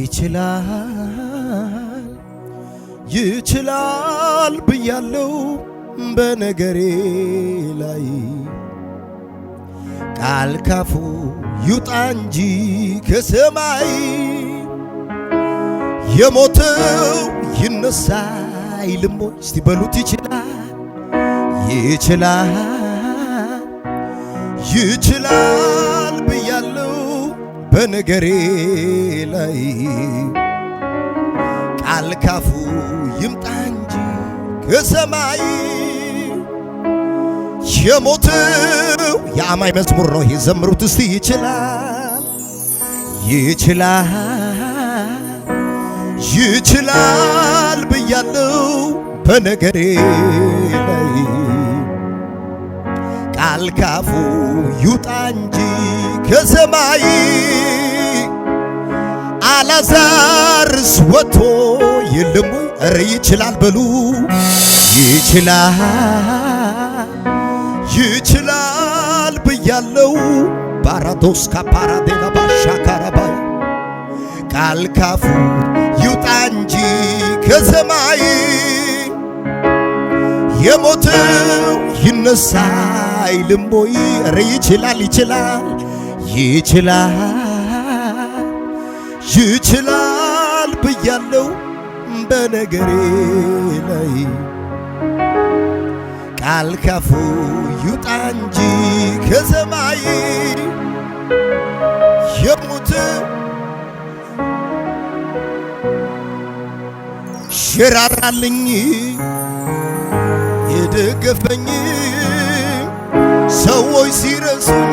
ይችላል ይችላል ብያለው በነገሬ ላይ ቃል ካፉ ይውጣ እንጂ ከሰማይ የሞተው ይነሳ ይልሞ እስቲ በሉት ይችላል ይችላል ይችላል በነገሬ ላይ ቃል ካፉ ይምጣ እንጂ ከሰማይ የሞትው የአማይ መዝሙር ነው። የዘምሩት እስቲ ይችላል ይችላል ይችላል ብያለው በነገሬ ላይ ቃል ካፉ ይውጣ እንጂ ከሰማይ አላዛርስ ወጥቶ የለም ወይ? እረ ይችላል በሉ ይችላል ይችላል ብያለው ባራዶስ ካፓራዴና ባሻካራባይ ቃል ካፉ ይውጣ እንጂ ከሰማይ የሞተው ይነሳ አይልም ወይ? እረ ይችላል ይችላል ይችላል ይችላል ብያለው በነገሬ ላይ ቃል ካፉ ይውጣ እንጂ ከሰማይ የሙት ሽራራልኝ የደገፈኝ ሰዎች ሲረሱን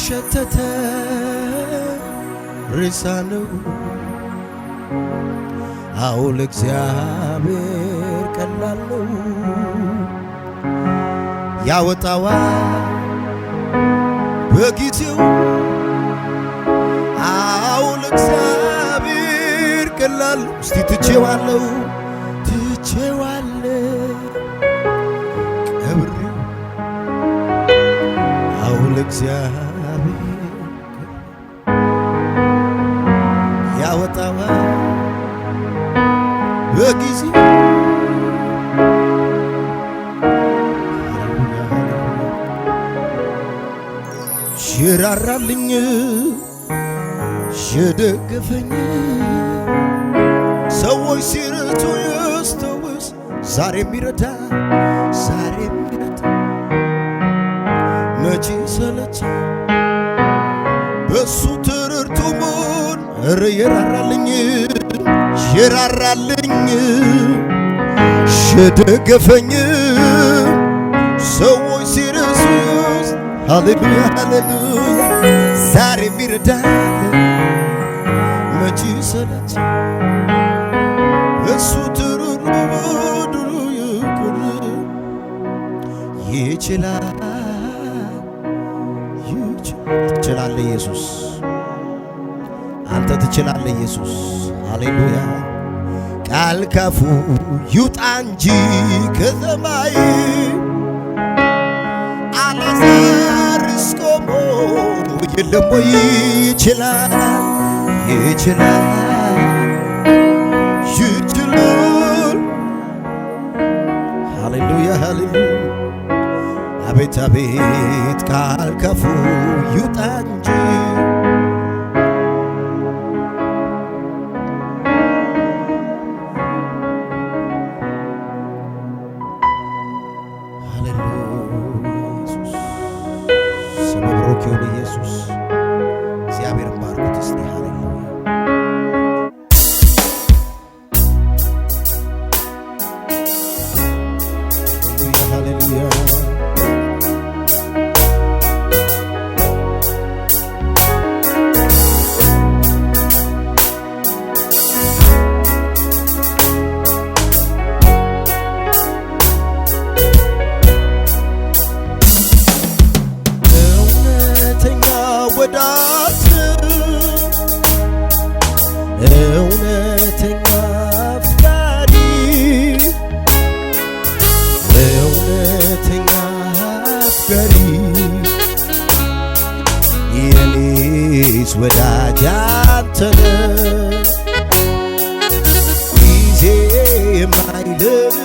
ተሸተተ ሬሳ ነው። አዎ ለእግዚአብሔር ቀላል ነው። ያወጣዋ በጊዜው አዎ ለእግዚአብሔር ቀላል ነው። እስቲ ትቼዋለው ትቼዋለ ቀብሬው አዎ ለእግዚአብሔር የራራልኝ የደገፈኝ ሰዎች ሲርቱ ያስታውስ ዛሬ የሚረዳ ዛሬ የሚረዳ መቼ በሱ ትርርቱ ሞን እረ የራራልኝ የራራልኝ የደገፈኝ ሰዎች ሃሌሉያ ሃሌሉያ ዛሬ የሚረዳ መች ሰለች እሱ ትሩሩ ድሩ ይችላል ይችላል ኢየሱስ አንተ ትችላለህ ኢየሱስ ሃሌሉያ ቃል ካፉ ይውጣ እንጂ ከሰማይ አላዘ ደግሞ የለም ወይ ይችላል ይችላል ይችላል ሃሌሉያ ሃሌሉያ አቤት አቤት ቃል ንገሪ የኔስ ወዳጅ አንተነ ጊዜ የማይልም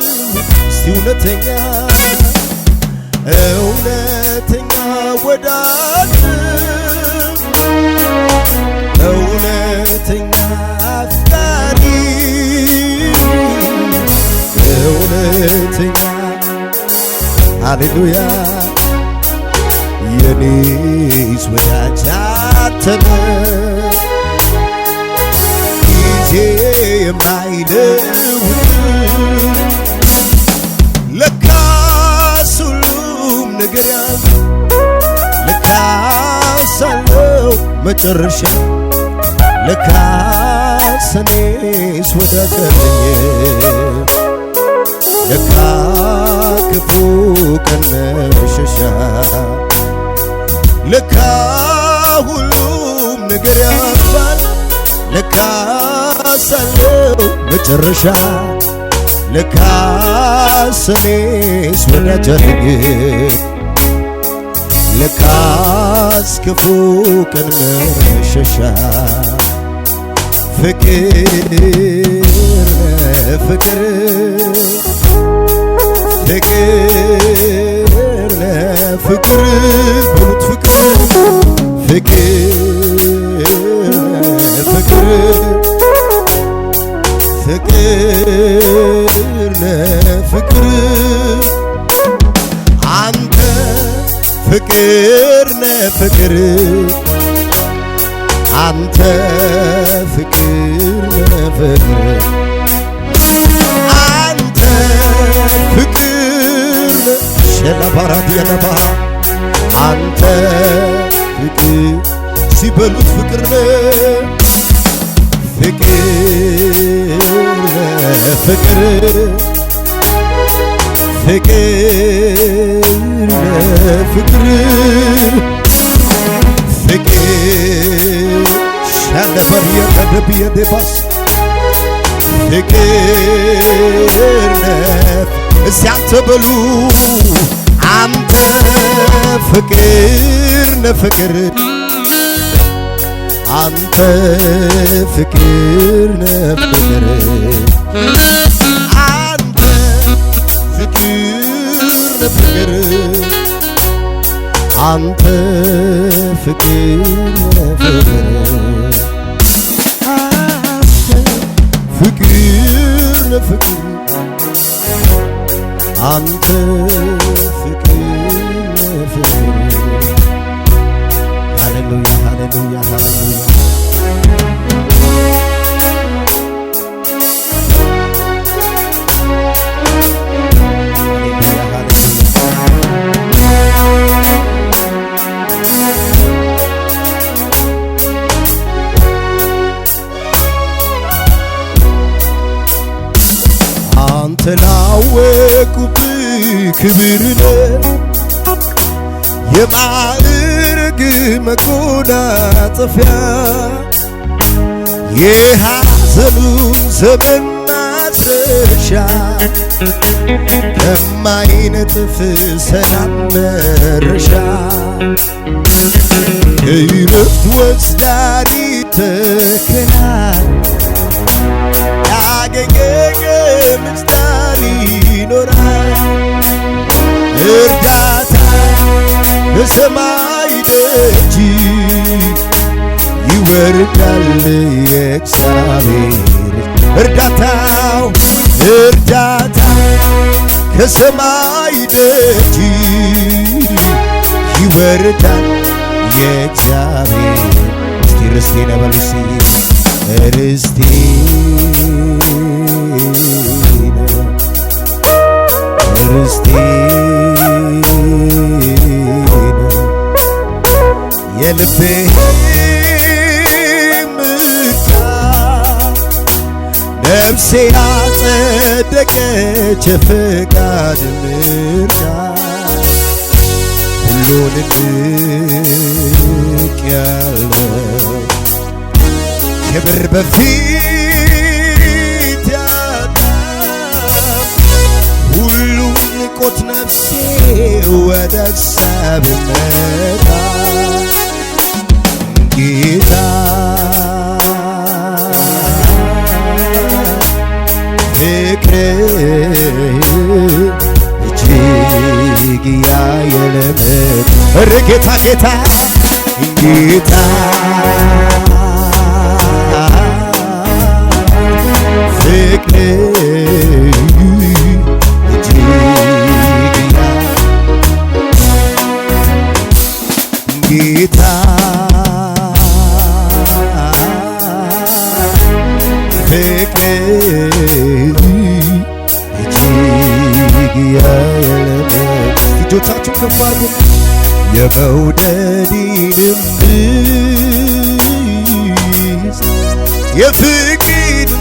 እስቲ እውነተኛ እውነተኛ ወዳጅ እውነተኛ አፍቃሪ እውነተኛ ሃሌሉያ የኔስ ወዳጅ ያተነ ጊዜ የማይለው ለካስ ሁሉም ነገር ያዝ ለካስ አለው መጨረሻ ለካስ እኔስ ወዳጅ ለካ ክፉ ቀን መሸሻ ለካ ሁሉም ነገር ያልፋል ለካ ሳለው መጨረሻ ለካ ሰኔስ ወዳጃለኝ ለካስ ክፉ ቀን መሸሻ ፍቅር ፍቅር ፍቅር ፍቅር ፍቅር ፍቅር ፍቅር ለፍቅር አንተ ፍቅር ለፍቅር አንተ ፍቅር ለፍቅር አንተ ፍቅር ሸላባራት የለባ አንተ ፍቅር ሲበሉት ፍቅር ፍቅር ፍቅር ፍቅር ፍቅር ፍቅር ሻለፈብየ ከደብየ ደባስ ፍቅር እዚያም ተበሉ አንተ ፍቅር ነፍቅር አንተ ፍቅር ነፍቅር አንተ ፍቅር ነፍቅር አንተ ፍቅር ነፍቅር ፍቅር ነፍቅር አንተ ፍቅር ፍቅር ሃሌሉያ ሃሌሉያ ሃሌሉያ አድርግ መጎናጸፊያ የሐዘኑን ዘመን ማስረሻ ከማይነጥፍ ሰላም መረሻ ከእረፍት ወስዳሪ ተከናል ያገኘ ምስጣር ይኖራል ከሰማይ ደጅ ይወርዳል የእግዚአብሔር እርዳታው እርዳታ ከሰማይ ደጅ ይወርዳል የእግዚአብሔር ርስቴ ነበሉሲ ርስቴ ነፍሴ ምታ ነፍሴ አጸደቀች የፈቃድ ምርጫ ሁሉን ንቅ ያለው ክብር በፊት ያጣ ሁሉን ንቆት ነፍሴ ወደ እግዚአብሔር መጣ ለዘላለም እረ ጌታ ጌታ ጌታ ፍቅር ከፍ አርጉ የመውደድ ድምፅ የፍቅድ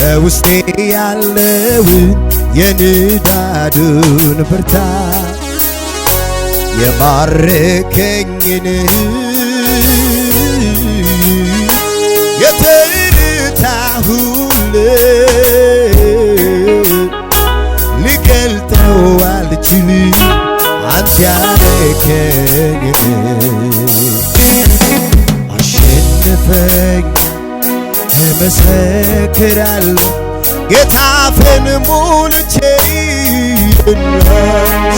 በውስጤ ያለውን የንዳዱን ብርታ የማረከኝን የተርታ ሁሌ 君あんちゃれけげ አሸንፈኝ እመሰክራለሁ ጌታ አፌን ሞልቼ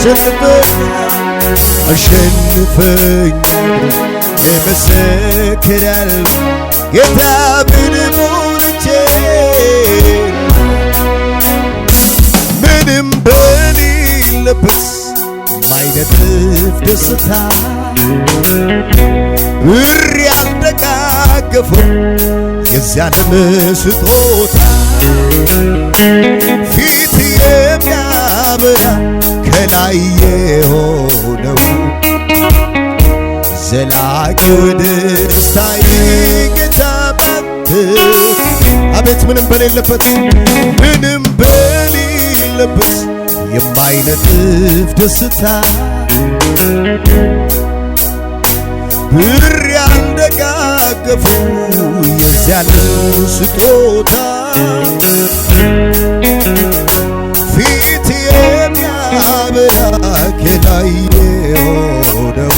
ስንበት አሸንፈኝ እመሰክራለሁ ጌታ አፌን ሞልቼ ምንም ያለበት ማይነጥፍ ደስታ ብር ያልደጋገፈው የዚያን ስጦታ ፊት የሚያበራ ከላይ የሆነው ዘላቂ ደስታዬ ጌታ አቤት ምንም በሌለበት ምንም በሌለበት የማይነጥፍ ደስታ ብር ያልደጋገፉ የዚያለ ስጦታ ፊት የሚያበራ ከላይ የሆነው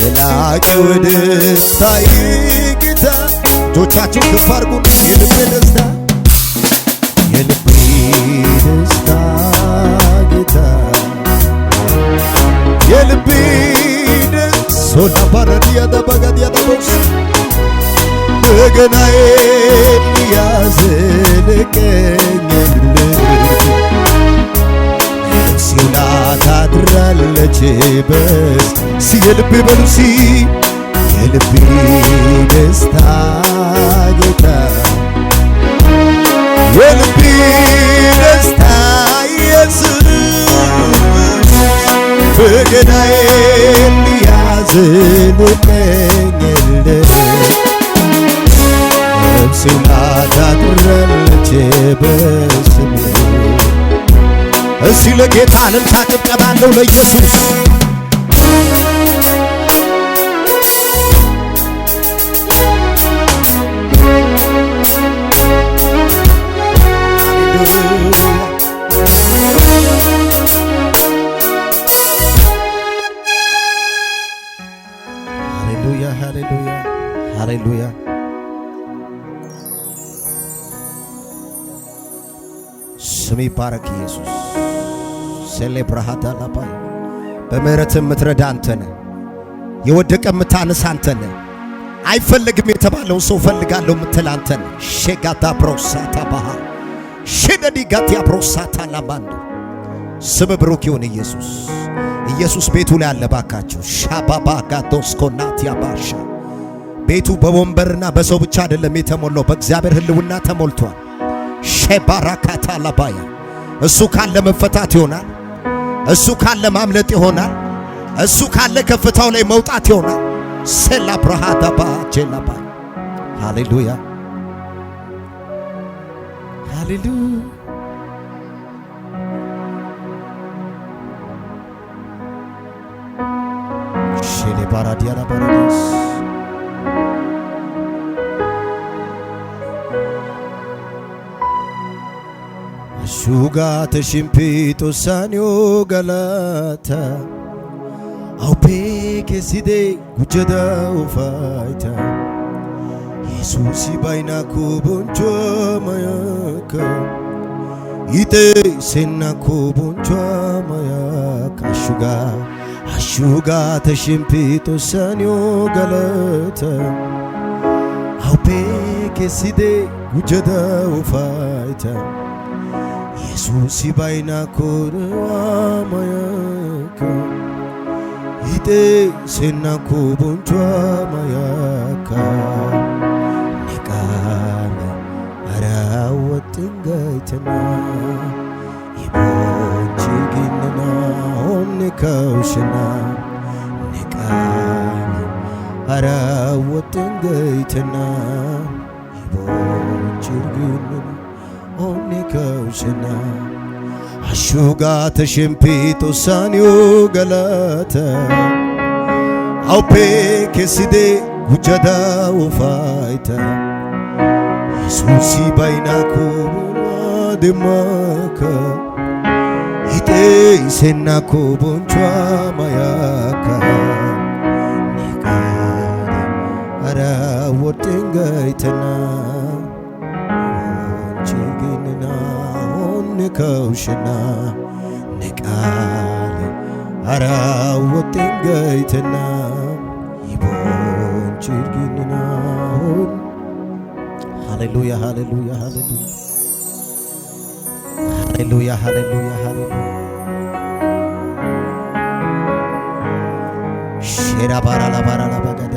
ዘላቂ ወደስታይ ጌታ እጆቻቸው ከፍ አድርጉ የልብ ደስታ የልብ ደስታ የልቤ ሶና ባረድ ያደባጋድ ያደቦስ በገናዬን የልቤ በሉሲ የልቤ ደስታ እንግዳዬን ያዝንብኝል ነፍሴን አዳድራለች በስሙ። እስቲ ለጌታ ልልታ ጭብጨባለሁ ለኢየሱስ ብርሃታ ላባ በምህረት የምትረዳ አንተነ የወደቀ የምታነሳ አንተነ አይፈልግም የተባለውን ሰው ፈልጋለሁ የምትል አንተነ ሼጋታ ብሮሳታ ባሃ ጋቲ ያብሮሳታ ላባንዱ ስም ብሩክ ይሁን ኢየሱስ ኢየሱስ ቤቱ ላይ አለ ባካችሁ ሻባባ ጋዶስኮናት ያባሻ ቤቱ በወንበርና በሰው ብቻ አይደለም የተሞላው፣ በእግዚአብሔር ህልውና ተሞልቷል። ሼባራካታ ላባያ እሱ ካለ መፈታት ይሆናል። እሱ ካለ ማምለጥ ይሆናል። እሱ ካለ ከፍታው ላይ መውጣት ይሆናል። ሴላ ብርሃዳባ ቼላባ ሃሌሉያ ሃሌሉ ሼሌ ባራዲያ ባራዲስ shimpito sanyo galata Aupee keessidee gujjataa ofaayita Yesuusi baay'inaa koo mayaka mayaaka Itee seenaa koo bonchoo Ashuga te shimpito sanyo galata Aupee keessidee gujjataa ofaayita Yesusi baina korewa mayaka Ite sena kubunchwa mayaka Nikana arawatengaitana Ibochi ginana omne kaushana Nikana arawatengaitana Ibochi ginana onicoshina ashuga teshempito sanio galata aupe keside gujada ufaita yesusi bainako demaka ite isenako bonchwa mayaka nikada ara wotengaitana ልከውሽና ንቃል አራወጤን ገይትና ይቦንችርግንናሁን ሃሌሉያ ሃሌሉያ ሃሌሉያ ሃሌሉያ ሃሌሉያ ሃሌሉያ ሼራ ባራ ላባራ ላባጋ